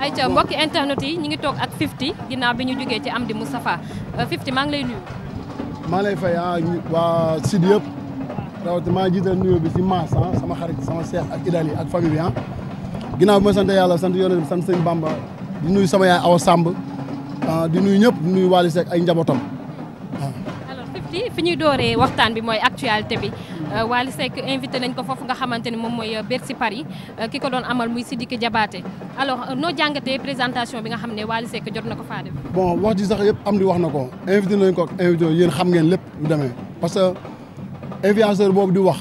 ayca mbokki internet yi ñu ngi toog ak Fifty ginnaaw bi ñu jógee ci am Amdy Moustapha euh, Fifty maa ngi lay nuyu. maa lay fay ah waa sud yëpp rawatina maa jiital nuyoo bi si maas ah, sama xarit sama seex ak Idali ak famille bi ah. ginnaaw bi ma sant yàlla sant Yonent bi sant sëñ Bamba di nuyu sama yaay Awa Samb ah, di nuyu ñëpp di nuyu Wally Seck ay njabootam. parti fi ñuy dooree waxtaan bi mooy actualité bi euh, Wally Seck invité nañ ko foofu nga xamante ni moom mooy si euh, Paris euh, ki ko doon amal muy Sidiki Diabaté alors noo jàngatee présentation bi nga xam ne Wally Seck jot na ko faa def. bon wax ji sax yëpp am di wax na ko invité nañ ko ak invité yéen xam ngeen lépp lu demee parce que influenceur boobu di wax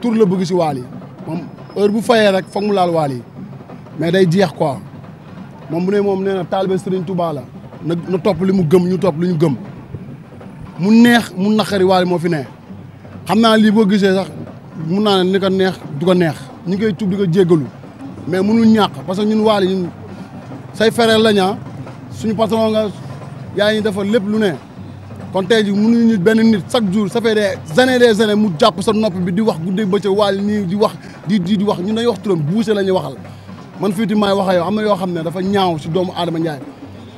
tur la bëgg si Wally moom heure bu fayee rek foog mu laal Wally mais day jeex quoi moom bu ne moom nee na taalibe Serigne Touba la na topp li mu gëm ñu topp li ñu gëm. mu neex mu naqari Wally moo fi ne xam naa lii boo gisee sax mun naa ne ni ko neex du ko neex ñu ngi koy tuub di ko jéggalu mais mënul ñàkk parce que ñun Wally ñun say frère lañaa ah. suñu patron nga yaa ñu defar lépp lu ne kon tey jii mënuñu benn nit chaque jour ça fait des années des mu jàpp sa nopp bi di wax guddeeg bëccëg Wally nii di wax di di di wax ñun dañuy wax turam buuse la ñuy waxal man fii ti maay wax ak yow am na yoo xam ne dafa ñaaw si doomu Adama Ndiaye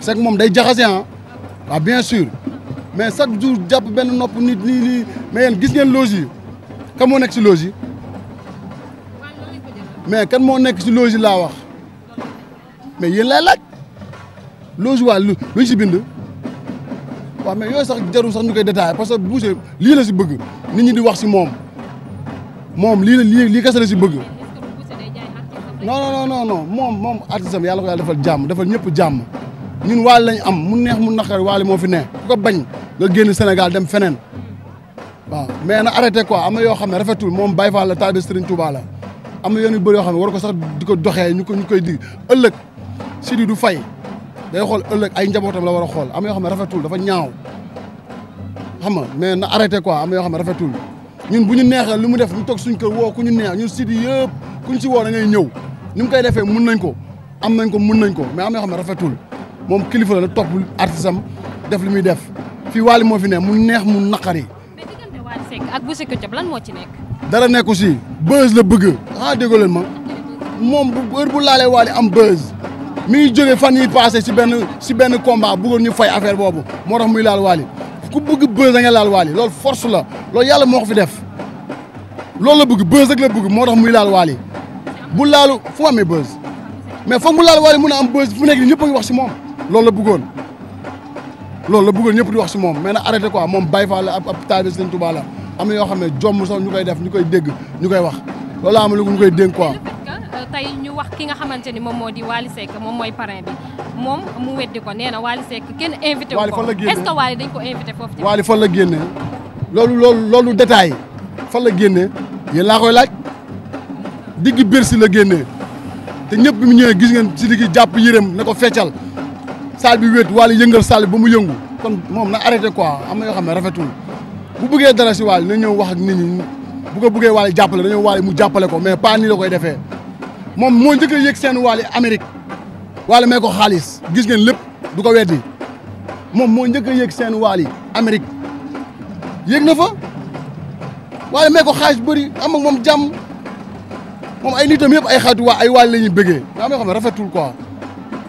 c'est moom day jaxase ah waaw bien sûr mais chaque jour jàpp benn nopp nit nii nii mais yéen gis ngeen loge yi kan moo nekk si loge yi mais kan moo nekk si loge yi laa wax mais yéen lay laaj loge waa lu luñ si bind waaw mais yooyu sax jarul sax ñu koy détaillé parce que Boucher lii la si bëgg nit ñi di wax si moom moom lii la lii lii kese la si bëgg non non non moom moom artiste am yàlla ko defal jàmm defal ñëpp jàmm ñun waal lañ am mu neex mu naqar waali moo fi neex ku ko bañ nga génn Sénégal dem feneen waaw mais na arrêté quoi am na yoo xam ne rafetul moom Baye Fall la taalibe Serigne Touba la am na yoon yoo xam ne war ko sax di ko doxee ñu ko ñu koy dig ëllëg Sidi du fay day xool ëllëg ay njabootam la war a xool am yoo xam ne rafetul dafa ñaaw xam nga mais na arrêté quoi am na yoo xam ne rafetul ñun bu ñu neexee lu mu def ñu toog suñ kër woo ñu neex ñun Sidi yëpp ku si woo da ngay ñëw ni mu koy defee mun nañ ko am nañ ko mun nañ ko mais am xam ne rafetul moom kilifa la topp artisam def lu muy def fii Wally moo fi ne mu neex mu naqari. mais diggante Wally lan moo ci dara nekku si buzz la bëgg ah déggoo leen ma moom bu heure bu laalee Wally am buzz mi ngi jógee fan yi passé si benn si benn combat bëggoon ñu fay affaire boobu moo tax muy laal Wally ku bëgg da nga laal Wally lool force la loolu yàlla moo ko fi def loolu la bëgg buzz rek la moo tax muy laal Wally bu laalu fu mu amee buzz mais foog mu laal mun a am buzz fu nekk nii ñëpp a wax si moom loolu la bëggoon. loolu la bëggoon ñëpp di wax si moom mais na arrêté quoi moom Baye Fall la ab ab taalibe na yoo xam ne jomm sax ñu koy def ñu koy dégg ñu koy wax loolu am lu ñu koy dénk quoi. Euh, tey ñu wax ki nga xamante ni moom moo di Wally Seck moom mooy parrain moom mu weddi ko nee na Wally kenn invité. Wally fan la génnee est ko invité foofu. Wally fan la génnee loolu loolu loolu détail fan la génnee yéen laa koy laaj digg Bercy la génnee te ñëpp bi mu ñëwee gis ngeen si digg jàpp yërëm na ko feccal. saal bi wéet Wally yëngal saal ba mu yëngu kon moom na arrêté quoi am na yoo xam ne rafetul bu bëggee dara si Wally na ñëw wax ak nit ñi bu ko bëggee Wally jàppale dañoo Wally mu jàppale ko mais pas nii la koy defee moom moo njëkk a yëg seen Wally Amérique Wally ko xaalis gis ngeen lépp du ko weddi moom moo njëkk a yëg seen Wally Amérique na fa Wally may ko xaalis bëri am ak moom jàmm moom ay nitam yëpp ay xaatu waa ay Wally la bëggee daa may xam ne rafetul quoi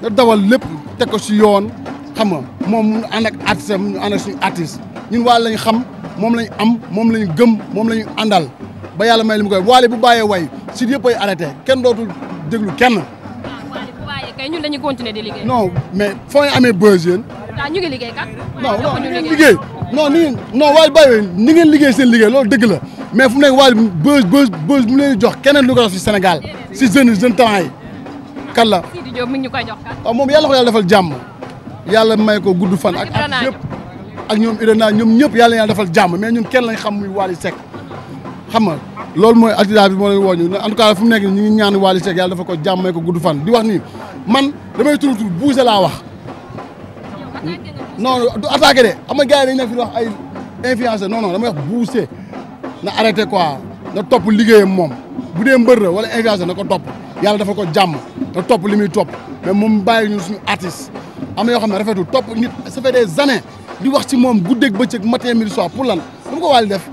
te dawal lépp teg si yoon xam nga moom mu ànd ak artiste mu ànd ak lañ xam moom lañ am moom lañ gëm moom lañ àndal ba yàlla may li mu koy waale bu bàyyee way si yëpp ay kenn dootul déglu kenn. Ah, kay ñun dañuy continuer di liggéey. mais foo ñu amee buzz yéen. waaw ñu ngi liggéey kat. non non ñu ngi liggéey ni ngeen liggéey seen liggéey loolu dëgg la mais fu mu nekk waaye buzz buzz buzz mu leen jox keneen lu ko def si Sénégal si jeunes jeunes talent yi kan la. Diop mi ngi moom yàlla ko yàlla defal jàmm yàlla may ko gudd fan. ak ak ñëpp ak ñoom Irena ñoom ñëpp yàlla yàlla defal jàmm mais ñun kenn lañ xam muy Wally xam nga loolu mooy accident bi moo leen woo ñu en tout cas fu mu nekk nii ñu ngi ñaan Wally Seck yàlla dafa ko jàmm may ko gudd fan di wax nii man damay tur tur buuse laa wax. non du attaqué de am na gars yi dañu nekk fi wax ay influenceur non non damay wax buuse na arrêté quoi na topp liggéeyam moom bu dee mbër la wala influenceur na ko topp yàlla dafa ko jàmm. te topp li muy topp mais moom bàyyi ñu suñu artiste am na yoo xam ne rafetul topp nit ça fait des années di wax ci moom guddeeg bëccëg matin midi soir pour lan pour ko Wally def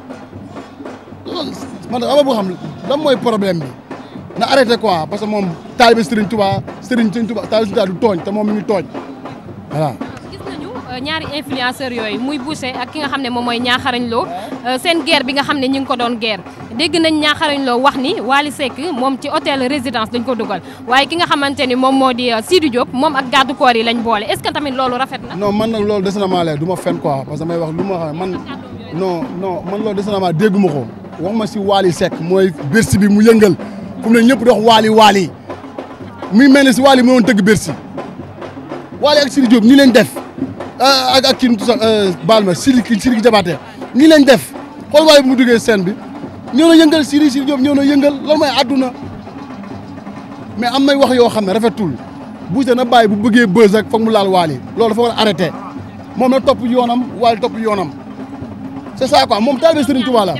man ama boo xam lan mooy problème bi na arrêté quoi parce que moom taalibe Serigne Touba Serigne Serigne Touba taalibe Serigne Touba du tooñ te moom mi ngi tooñ ñaari influenceurs yooyu muy Boucher ak ki nga xam ne moom mooy ñaaxarañ loo euh, seen guerre bi nga xam ne ñu ngi ko doon guerre dégg nañ ñaaxarañ loo wax ni Wally Seck moom ci hôtel résidence dañ ko dugal waaye ki nga xamante ni moom moo di euh, Sidi Diop moom ak garde koor yi lañ boole est-ce que tamit loolu rafet na. non man loolu des na maa leer du ma fen quoi parce que damay wax lu ma xam man non non man loolu des na maa déggu ma ko wax ma si Wally Seck mooy Bercy bi mu yëngal fu mu ne ñëpp dox Wally Wally muy mel ne si Wally mu doon tëgg Bercy Wally ak Sidi Diop leen def. Euh, ak ak kii nu sax euh, baal ma Sidiki Sidiki Diabaté nii lañ def xool waaye bu mu duggee seen bi ñëw na yëngal Sidi Sidi Diop ñëw na yëngal loolu mooy àdduna mais am nay wax yoo xam ne rafetul Boucher na bàyyi bu bëggee bës ak foog mu laal waali loolu dafa war a arrêté moom na topp yoonam waali topp yoonam c'est ça quoi moom taalibe Serigne Touba la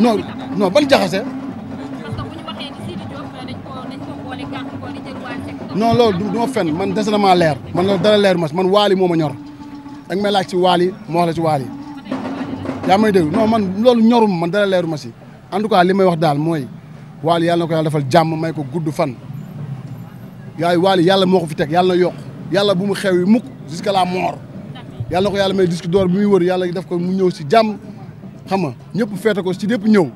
non ban jaxase non loolu du ma fen man des na maa leer man loolu dara leer ma man waali moo ma ñor danga may laaj ci waali ma wax la ci waali yaa may dégg non man loolu ñorum man dara leeru ma si en tout cas li may wax daal mooy waali yàlla ko defal jàmm may ko gudd fan yaay waali yàlla moo ko fi teg yàlla na yokk yàlla bu mu xew yi mukk jusqu'à la mort yàlla na ko yàlla may disque d'or bi muy wër yàlla def ko mu ñëw si jàmm xam nga ñëpp feete ko si ñëpp ñëw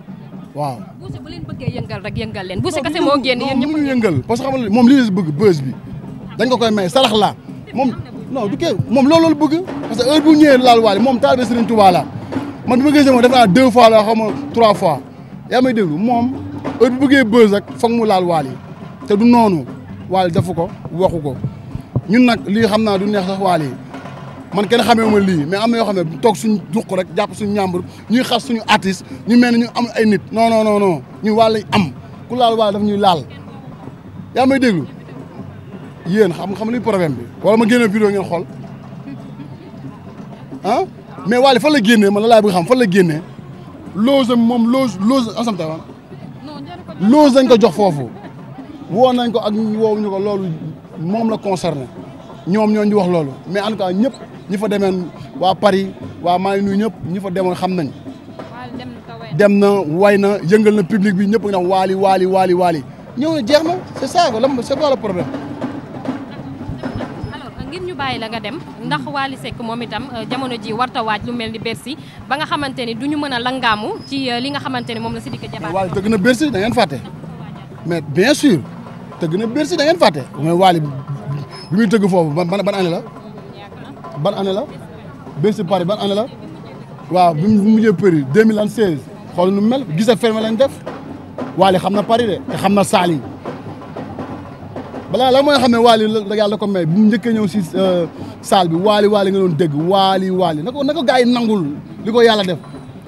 waaw Boucher bu leen bëggee yëngal rek yëngal leen Boucher kese moo génn yéen ñëpp yëngal parce que xam nga moom li leen bëgg bës bi dañ ko koy may sarax laa moom non du kee moom loolu bëgg parce que heure bu ñëwee laal waale moom taalibe Serigne Touba la man bi ma gisee moom def naa deux fois la xam ma trois fois yaa may déglu moom heure bëggee bës rek foog mu laal waale te du noonu waale defu ko waxu ko ñun nag lii xam naa du neex sax waale man kenn xamee ma lii mais am na yoo xam ne toog suñu duq rek jàpp suñu ñàmbur ñuy xas suñu artiste ñu mel ni ñu am ay nit non non non non ñu wàll am ku laal waaye daf ñuy laal yaa may déglu yéen xam xam luy problème bi wala ma génne vidéo ngeen xool ah mais Wally fan la génnee man la laay bëgg xam fan la génnee loge am moom loge loge am samta loge dañ ko jox foofu woo nañ ko ak woowuñu ko loolu moom la concerné ñoom ñoo ñu wax loolu mais en tout cas ñëpp ñi fa demeen waa Paris waa maa ngi nuyu ñëpp ñi fa demoon xam nañ dem na way na yëngal na public bi ñëpp nga waali waali waali waali ñëw na jeex na c'est ça la c'est quoi le problème. ngir ñu bàyyi la nga dem ndax Wally Seck moom itam euh, jamono ji warta waaj lu mel ni Bercy ba nga xamante ni du ñu mën a langaamu ci euh, li nga xamante ni moom la si Diabaté. Wally tëgg na Bercy da ngeen fàtte. mais bien sûr tëgg na Bercy da fàtte mais Wally bi muy tëgg foofu ban ban année la ban année la Bercy Paris ban année la waaw bi mu mujjee Paris 2016 xool nu mel gis a fermé lañ def Wally xam na Paris de te xam na Saly balaa la mooy xam ne Wally la yàlla ko may bi mu njëkkee ñëw si euh, saal bi Wally Wally nga doon dégg Wally Wally na ko na ko gars yi nangul li ko yàlla def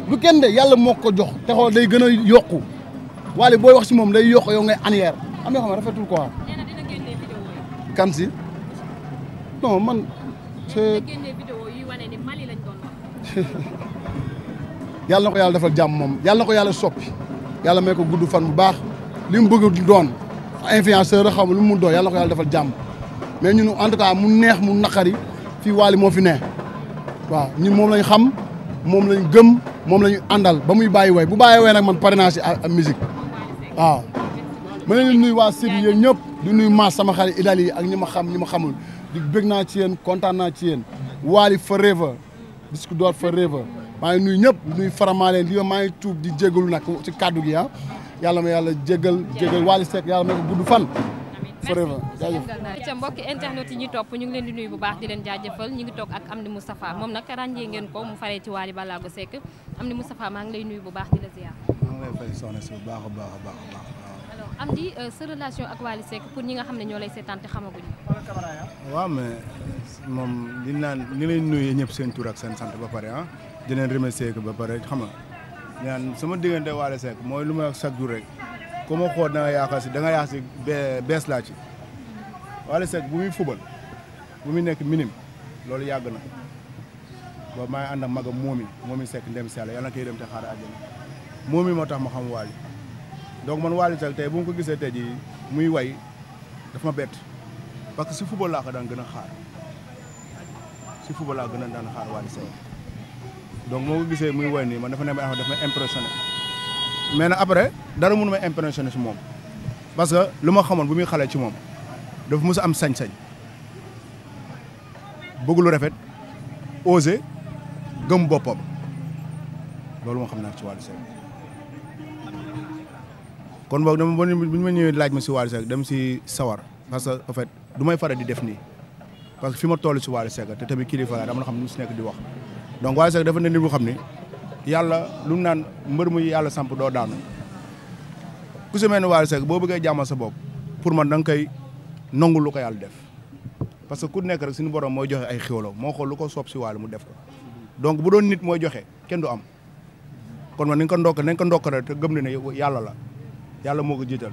lu kenn de yàlla moo ko jox te xool day gën a yokku Wally boo wax si moom day yokk yow ngay anière am yoo xam ne rafetul quoi kan si non man. c'est na ko yàlla defal jàmm moom yàlla na ko yàlla soppi yàlla ma ko gudd fan bu baax li mu bëgg doon influenceur la xaw ma lu mu doon yàlla na ko yàlla defal jàmm mais ñun en tout mu neex mu naqari fii Wally moo fi ne waaw ñun moom lañ xam moom lañ gëm moom lañu àndal ba muy bàyyi way bu bàyyi way nag man pare naa si musique waaw ma leen di nuyu waa Sib yéen ñëpp di nuyu Mass sama xarit Idali ak ñi ma xam ñi ma xamul di bëgg naa ci yéen kontaan naa ci yéen Wally forever disque d'or forever maa ngi nuyu ñëpp nuyu farama leen lii maa ngi tuub di jégalu nag ci kàddu gi ah yàlla ma yàlla jégal jégal Wally Seck yàlla ma ko gudd fan fa jaajëf ca mbokki internet yi ñu topp ñu ngi leen di nuyu bu baax di leen jaajëfal ñu ngi toog ak Amdy Moustapha moom nag ràññee ngeen ko mu faree ci Wally Ballago Seck Amdy am maa ngi lay nuyu bu baax di la ziar maa ngi lay fay bu baax a baax a am di euh, sa relation ak Wally Seck pour ñi nga xam ne ñoo lay seetaan te xamaguñu. Ah. waaw mais euh, moom li naan li lay nuyu ñëpp seen tur ak seen sant ba pare ah di leen remercier ba pare xam nga ñaan sama diggante Wally Seck mooy lu ma wax chaque rek ku ma xool da nga si da nga si bees laa ci Wally Seck bu muy fubal bu muy nekk minime loolu yàgg na ba maa ngi ànd ak magam moomi moomi Seck ndem si yàlla yàlla na koy moomi moo tax ma xam Wally donc man Wally Seck tey bu ma ko gisee tey muy way dafa ma bett parce que si football laa ko daan gën a xaar si football laa gën a daan xaar Wally Seck donc moo ko gisee muy way nii man dafa ne a ah, daf may impressionné mais nag après dara mënu may impressionné si moom parce que lu ma xamoon bu muy xale ci moom dafa mës a am sañ-sañ bëgg lu rafet osé gëm boppam loolu moo xam naa ci Wally Seck kon boog dama bu ñu ma ñëwee laaj ma si Wally sawar parce que en fait du faral di def nii parce que fi ma toll si Wally Seck te tamit kilifa xam ne mu wax donc Wally Seck dafa ne nit xam ni yàlla lu mu naan mbër mu yàlla samp doo daanu ku si ne Wally Seck boo bëggee jàmmal sa bopp pour man da nga koy nangu lu ko yàlla def parce que ku nekk rek suñu borom mooy joxe ay xéwaloo moo xool lu ko soob si Wally mu def ko donc bu doon nit mooy joxe kenn du am kon man nañ ko ndokk nañ ko ndokk rek te gëm na ne yàlla la yàlla moo ko jiital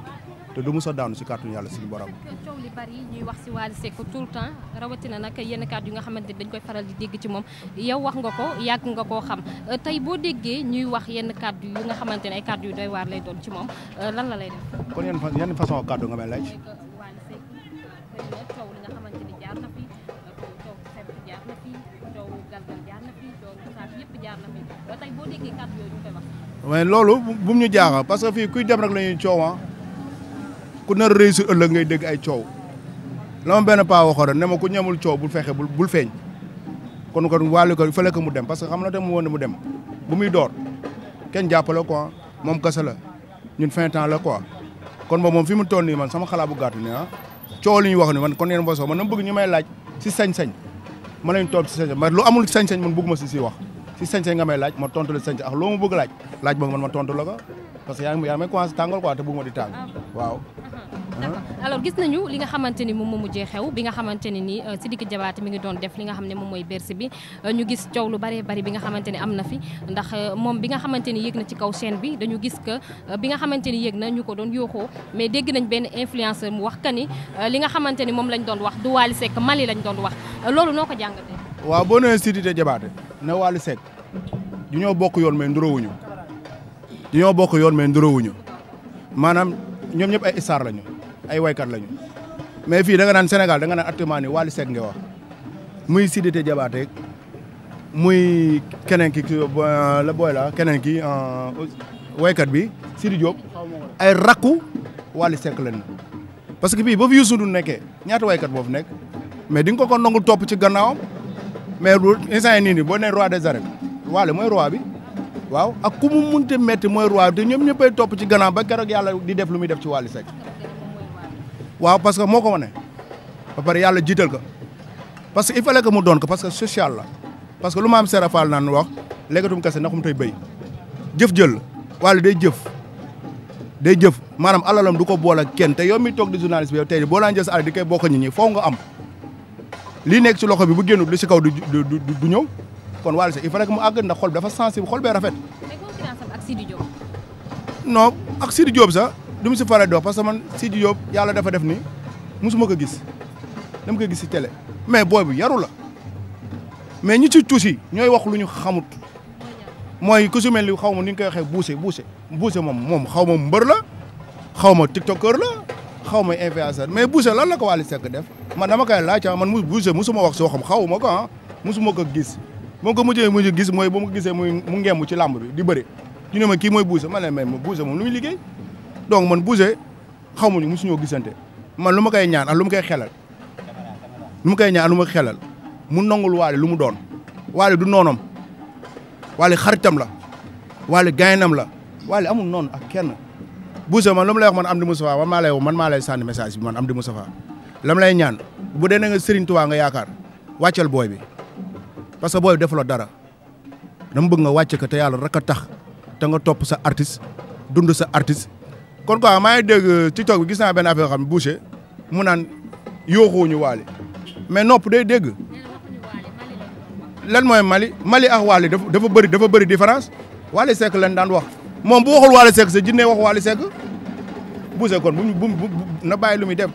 te du mu a daanu si kàttanu yàlla suñu borom. coow li ñuy wax si Wally ko tout le temps rawatina nag yenn kàddu yu nga xamante ni dañ koy faral di dégg ci moom yow wax nga ko yàgg nga koo xam tey boo déggee ñuy wax yenn kàddu yu nga xamante ne ay kàddu yu doy waar lay doon ci moom lan la lay def. kon yan yan façon kàddu nga may laaj. coow na fi ragal loolu bu mu ñu jaaxal parce que fii kuy dem rek la ñuy coow ah ku nar réussir ëllëg ngay dégg ay coow la ma benn paa waxoon ne ma ku ñamul coow bul fexe bul bul feeñ kon kon wàllu ko fa ko mu dem parce que xam na te mu woon mu dem bu muy door kenn jàppale quoi ah, moom kese la ñun fin temps la kon moom moom fi mu tool nii man sama xalaat bu gàtt ne ah coow li ñuy wax ni man kon yéen boosoo man na bëgg ñu may laaj si sañ-sañ. mën nañ toog ci sañ-sañ mais lu amul sañ-sañ man bëgguma si si wax si sañ-sañ nga may laaj ma tontu la sañ-sañ ak loo ma bëgg laaj laaj boobu man ma tontu la ko parce que yaa ngi yaa ngi may commencé tàngoor quoi di tàng ah waaw d'accord alors gis nañu li nga xamante ni moom moo mujjee xew bi nga xamante ne nii euh, Sidiki Diabaté mi ngi doon def li nga xam ne moom mooy berse bi euh, ñu gis coow lu bëree bëri bi nga xamante ne am na fi ndax euh, moom bi nga xamante ni yéeg na ci kaw chaîne bi dañu gis que bi nga xamante ni yéeg na ñu ko doon yooxoo mais dégg nañ benn influenceur mu wax que ni li nga xamante ni moom lañ doon wax du Wally Seck Mali lañ doon wax loolu noo ko jàngatee. waaw boo nee Sidiki Diabaté ne Wally Seck du ñoo bokk yoon mais nduroowuñu du ñoo bokk yoon mais nduroowuñu ñoom ñëpp ay star lañu ay waykat lañu mais fii da nga naan Sénégal danga nga naan actuellement nii Wally Seck wa muy muy Sidité Diabaté muy keneen ki euh, la booy la keneen ki euh, waykat bi Sidi Diop ay rakku Wally Seck lañu parce que bii ba fi Youssou Ndour nekkee ñaata waykat boobu nekk mais di nga ko ko topp ci gannaaw mais instant yii nii nii boo nee roi des arènes Wally mooy roi bi. waaw ak ku mu munte metti mooy roi te ñëpp ñëppay topp ci ganaam ba keroog yàlla di def lu muy def ci Wally Seck waaw parce que moo ko wane ba pare yàlla jiital ko parce que il fallait mu doon ko parce que social la parce que lu ma am serafal naan wax léegatum kese naxum tey bay jëf jël Wally day jëf day jëf maanaam alalam du ko bool ak kenn te yow mi toog di journaliste bi te tey boo daan jël sa di koy bokk nit ñi foo nga am lii nekk ci loxo bi bu génnul li ci kaw du du ñëw kon Wally Seck il fallait mu àgg ndax xol bi dafa sensible xol bee rafet. mais concurrence am ak Sidi Diop. non ak Sidi Diop sax du mu si faral dox parce que man Sidi Diop yàlla dafa def nii musuma ko gis dama ko gis si tele mais booy bi yaru la mais ñu ci tuuti ñooy wax lu ñu xamut mooy ku si mel ni xaw ma ni ñu koy waxee buuse buuse buuse moom moom xaw ma mbër la xaw ma tiktokeur la xaw ma influenceur mais buuse lan la ko Wally Seck def man dama koy laaj ah, man mu buuse musuma wax soo xam xaw ma ko ah musuma ko gis. moom ko mujjee mujj gis mooy ba mu gisee muy mu ngemb ci làmb bi di bëri ñu ne ma kii mooy Boucher ma ne ma Boucher moom lu muy liggéey donc man Boucher xamuñu mosuñoo gisante man lu ma koy ñaan ak lu ma koy xelal lu ma koy ñaan lu ma koy xelal mu nangul Wally lu mu doon Wally du noonam Wally xaritam la Wally gaynam la Wally amul noon ak kenn Boucher man lu mu lay wax man Amdy Moustapha man maa lay man maa lay sànni message bi man Amdy Moustapha lam lay ñaan bu dee na nga Serigne nga yaakaar wàccal booy bi parce que booy defuloo dara dama bëgg nga wàcc ko te yàlla rek a tax te nga topp sa artiste dund sa artiste. kon quoi maa ngi dégg TikTok bi gis naa benn affaire yoo xam ne Boucher mu naan yooxuwuñu waale mais nopp day dégg lan mooy Mali Mali ak waale dafa dafa bëri dafa bëri di différence waale Seck lan daan wax moom bu waxul waale Seck sa jinne wax waale Seck Boucher kon bu na bàyyi lu muy def.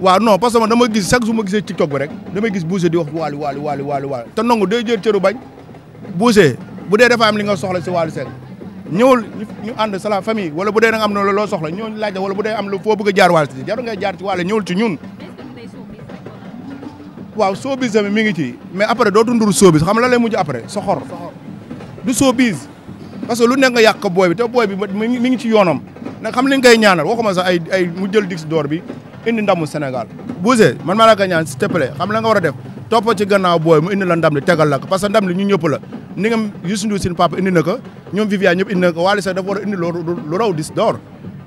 waaw no parce que dama gis chaque jour ma gisee TikTok bi rek damay gis Boucher di wax Wally Wally Wally Wally Wally te nangu day jël bu dee dafa am li nga soxla si Wally Seck ñëwul ñu ànd sa la famille wala bu dee da nga am na loo soxla ñëw laaj wala bu dee am lu foo bëgg a jaar Wally si jaru ngay jaar ci Wally ñëwul ci ñun waaw showbiz tamit mi ngi ci mais après dootu ndur showbiz xam la lay mujj après soxor du showbiz parce que lu nekk nga yàq booy bi te booy bi mi ngi ci yoonam nag xam li nga koy ñaanal waxuma sax ay ay mu jël dix bi indi ndamu Sénégal Boucher man maa la ko ñaan s'il te xam la nga war a def topp ci gannaaw booy mu indi la ndam li tegal la ko parce que ndam li ñu ñëpp la ni nga Youssou Ndour sin papa indi na ko ñoom Viviane ñëpp indi na ko Wally Seck dafa war a indi lu raw dis d'or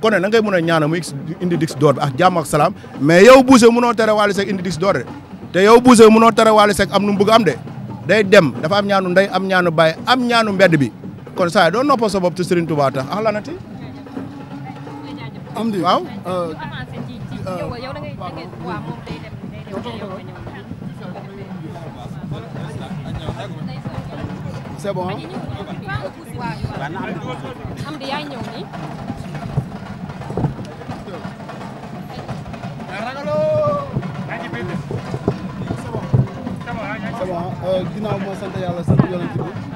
kon nag ngay mën a ñaanal mu indi dis d'or bi ak jàmm ak salaam mais yow Boucher mënoo tere Wally Seck indi dis d'or de te yow Boucher mënoo tere Wally Seck am nu mu am de day dem dafa am ñaanu ndey am ñaanu baay am ñaanu mbedd bi kon saa doo noppal sa bopp te Serigne Touba tax axlanati ah am yow yow da ngay da ngay waaw moom day dem day dem yow nga ñëw. c'est bon. am di yaay ñëw nii. c'est bon ginnaaw moo sant yàlla sant yonent bi